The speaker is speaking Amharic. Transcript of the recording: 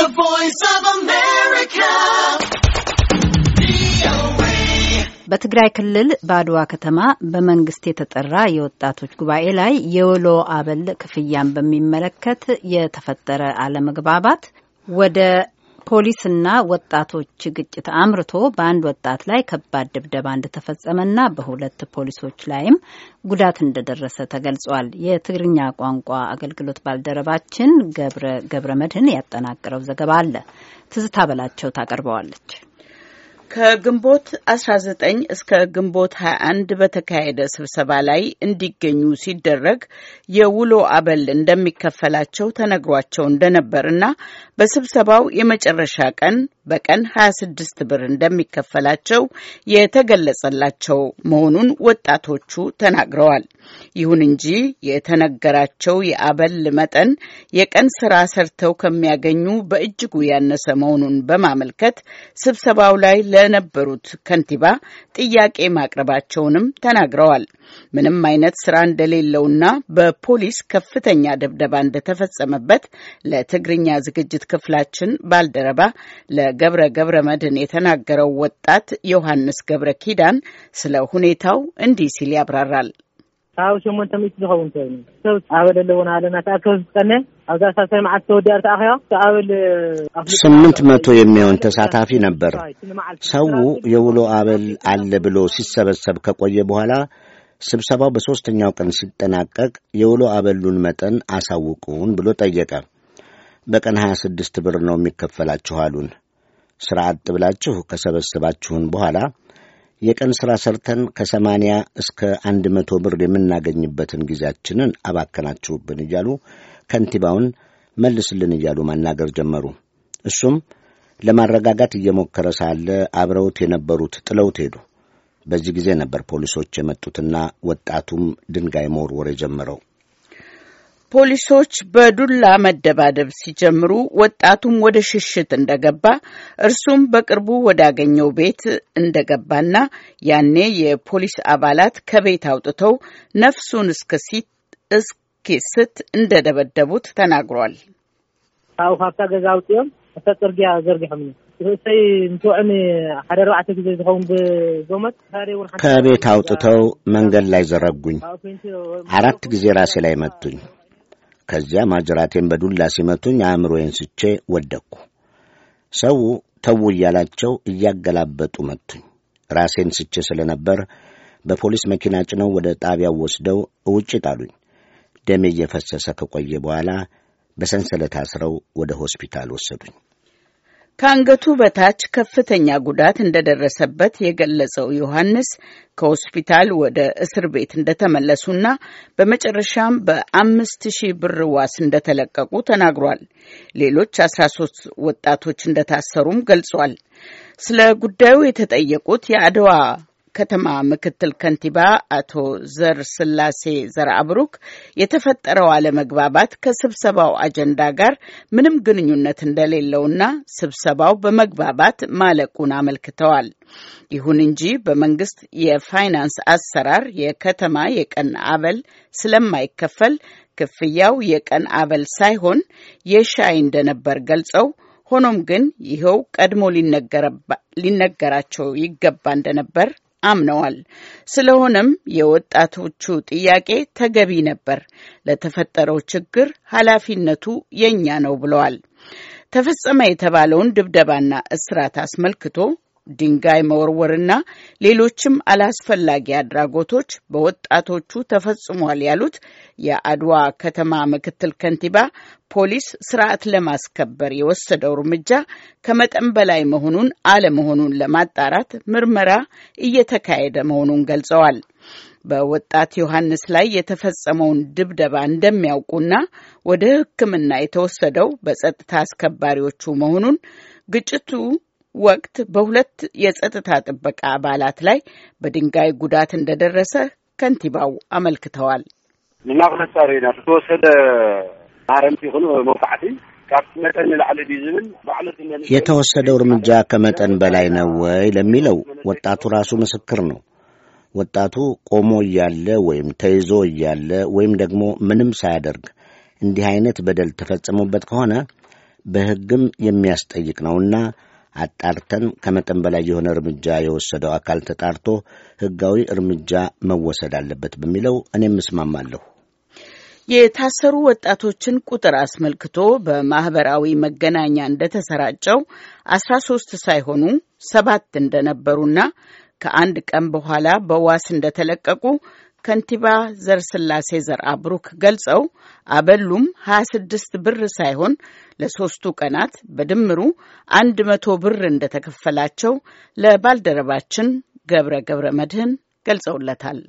The Voice of America. በትግራይ ክልል በአድዋ ከተማ በመንግስት የተጠራ የወጣቶች ጉባኤ ላይ የወሎ አበል ክፍያን በሚመለከት የተፈጠረ አለመግባባት ወደ ፖሊስና ወጣቶች ግጭት አምርቶ በአንድ ወጣት ላይ ከባድ ድብደባ እንደተፈጸመና በሁለት ፖሊሶች ላይም ጉዳት እንደደረሰ ተገልጿል። የትግርኛ ቋንቋ አገልግሎት ባልደረባችን ገብረ ገብረ መድህን ያጠናቀረው ዘገባ አለ። ትዝታ በላቸው ታቀርበዋለች። ከግንቦት 19 እስከ ግንቦት 21 በተካሄደ ስብሰባ ላይ እንዲገኙ ሲደረግ የውሎ አበል እንደሚከፈላቸው ተነግሯቸው እንደነበርና በስብሰባው የመጨረሻ ቀን በቀን 26 ብር እንደሚከፈላቸው የተገለጸላቸው መሆኑን ወጣቶቹ ተናግረዋል። ይሁን እንጂ የተነገራቸው የአበል መጠን የቀን ስራ ሰርተው ከሚያገኙ በእጅጉ ያነሰ መሆኑን በማመልከት ስብሰባው ላይ ለነበሩት ከንቲባ ጥያቄ ማቅረባቸውንም ተናግረዋል። ምንም አይነት ስራ እንደሌለውና በፖሊስ ከፍተኛ ደብደባ እንደተፈጸመበት ለትግርኛ ዝግጅት ክፍላችን ባልደረባ ለገብረ ገብረ መድን የተናገረው ወጣት ዮሐንስ ገብረ ኪዳን ስለ ሁኔታው እንዲህ ሲል ያብራራል። ካብ ሸሞንተ ሚእቲ ዝኸውን ሰብ ሰብ ኣበል ኣለዎና ኣለና ተኣከብ ዝጥቀነ ኣብዛ ሳሳይ መዓልቲ ተወዲያ ተኣኸዮ ኣበል ስምንት መቶ የሚሆን ተሳታፊ ነበር። ሰው የውሎ ኣበል አለ ብሎ ሲሰበሰብ ከቆየ በኋላ ስብሰባው በሦስተኛው ቀን ሲጠናቀቅ የውሎ አበሉን መጠን አሳውቁን ብሎ ጠየቀ። በቀን ሀያ ስድስት ብር ነው የሚከፈላችሁ አሉን። ሥራ አጥ ብላችሁ ከሰበሰባችሁን በኋላ የቀን ሥራ ሰርተን ከሰማንያ እስከ አንድ መቶ ብር የምናገኝበትን ጊዜያችንን አባከናችሁብን እያሉ ከንቲባውን መልስልን እያሉ ማናገር ጀመሩ። እሱም ለማረጋጋት እየሞከረ ሳለ አብረውት የነበሩት ጥለውት ሄዱ። በዚህ ጊዜ ነበር ፖሊሶች የመጡትና ወጣቱም ድንጋይ መወርወር የጀመረው። ፖሊሶች በዱላ መደባደብ ሲጀምሩ ወጣቱም ወደ ሽሽት እንደገባ እርሱም በቅርቡ ወዳገኘው ቤት እንደገባና ያኔ የፖሊስ አባላት ከቤት አውጥተው ነፍሱን እስኪስት እንደደበደቡት ተናግሯል። ካብኡ ካብታ ገዛ አውፅኦም እታ ፅርግያ ዘርጊሖም እሰይ እንትውዕን ሓደ ኣርባዕተ ግዜ ዝኸውን ብዞመት ከቤት አውጥተው መንገድ ላይ ዘረጉኝ። አራት ጊዜ ራሴ ላይ መቱኝ። ከዚያ ማጅራቴን በዱላ ሲመቱኝ አእምሮዬን ስቼ ወደቅኩ። ሰው ተዉ እያላቸው እያገላበጡ መቱኝ። ራሴን ስቼ ስለነበር በፖሊስ መኪና ጭነው ወደ ጣቢያው ወስደው እውጭ ጣሉኝ። ደሜ እየፈሰሰ ከቆየ በኋላ በሰንሰለት አስረው ወደ ሆስፒታል ወሰዱኝ። ከአንገቱ በታች ከፍተኛ ጉዳት እንደደረሰበት የገለጸው ዮሐንስ ከሆስፒታል ወደ እስር ቤት እንደተመለሱና በመጨረሻም በአምስት ሺህ ብር ዋስ እንደተለቀቁ ተናግሯል። ሌሎች አስራ ሶስት ወጣቶች እንደታሰሩም ገልጿል። ስለ ጉዳዩ የተጠየቁት የአድዋ ከተማ ምክትል ከንቲባ አቶ ዘር ስላሴ ዘር አብሩክ የተፈጠረው አለመግባባት ከስብሰባው አጀንዳ ጋር ምንም ግንኙነት እንደሌለውና ስብሰባው በመግባባት ማለቁን አመልክተዋል። ይሁን እንጂ በመንግስት የፋይናንስ አሰራር የከተማ የቀን አበል ስለማይከፈል ክፍያው የቀን አበል ሳይሆን የሻይ እንደነበር ገልጸው ሆኖም ግን ይኸው ቀድሞ ሊነገራቸው ይገባ እንደነበር አምነዋል። ስለሆነም የወጣቶቹ ጥያቄ ተገቢ ነበር፣ ለተፈጠረው ችግር ኃላፊነቱ የእኛ ነው ብለዋል። ተፈጸመ የተባለውን ድብደባና እስራት አስመልክቶ ድንጋይ መወርወርና ሌሎችም አላስፈላጊ አድራጎቶች በወጣቶቹ ተፈጽሟል ያሉት የአድዋ ከተማ ምክትል ከንቲባ ፖሊስ ስርዓት ለማስከበር የወሰደው እርምጃ ከመጠን በላይ መሆኑን አለመሆኑን ለማጣራት ምርመራ እየተካሄደ መሆኑን ገልጸዋል። በወጣት ዮሐንስ ላይ የተፈጸመውን ድብደባ እንደሚያውቁና ወደ ሕክምና የተወሰደው በጸጥታ አስከባሪዎቹ መሆኑን ግጭቱ ወቅት በሁለት የጸጥታ ጥበቃ አባላት ላይ በድንጋይ ጉዳት እንደደረሰ ከንቲባው አመልክተዋል። ንናብ መሳሪ ኢና ማረምቲ ይኹን መውቃዕቲ መጠን ንላዕሊ ድዩ ዝብል የተወሰደው እርምጃ ከመጠን በላይ ነው ወይ ለሚለው ወጣቱ ራሱ ምስክር ነው። ወጣቱ ቆሞ እያለ ወይም ተይዞ እያለ ወይም ደግሞ ምንም ሳያደርግ እንዲህ አይነት በደል ተፈጽሞበት ከሆነ በሕግም የሚያስጠይቅ ነውና አጣርተን ከመጠን በላይ የሆነ እርምጃ የወሰደው አካል ተጣርቶ ሕጋዊ እርምጃ መወሰድ አለበት በሚለው እኔም እስማማለሁ። የታሰሩ ወጣቶችን ቁጥር አስመልክቶ በማህበራዊ መገናኛ እንደተሰራጨው አስራ ሶስት ሳይሆኑ ሰባት እንደነበሩና ከአንድ ቀን በኋላ በዋስ እንደተለቀቁ ከንቲባ ዘርስላሴ ዘርአ ብሩክ ገልጸው አበሉም 26 ብር ሳይሆን ለሶስቱ ቀናት በድምሩ 100 ብር እንደተከፈላቸው ለባልደረባችን ገብረ ገብረ መድህን ገልጸውለታል።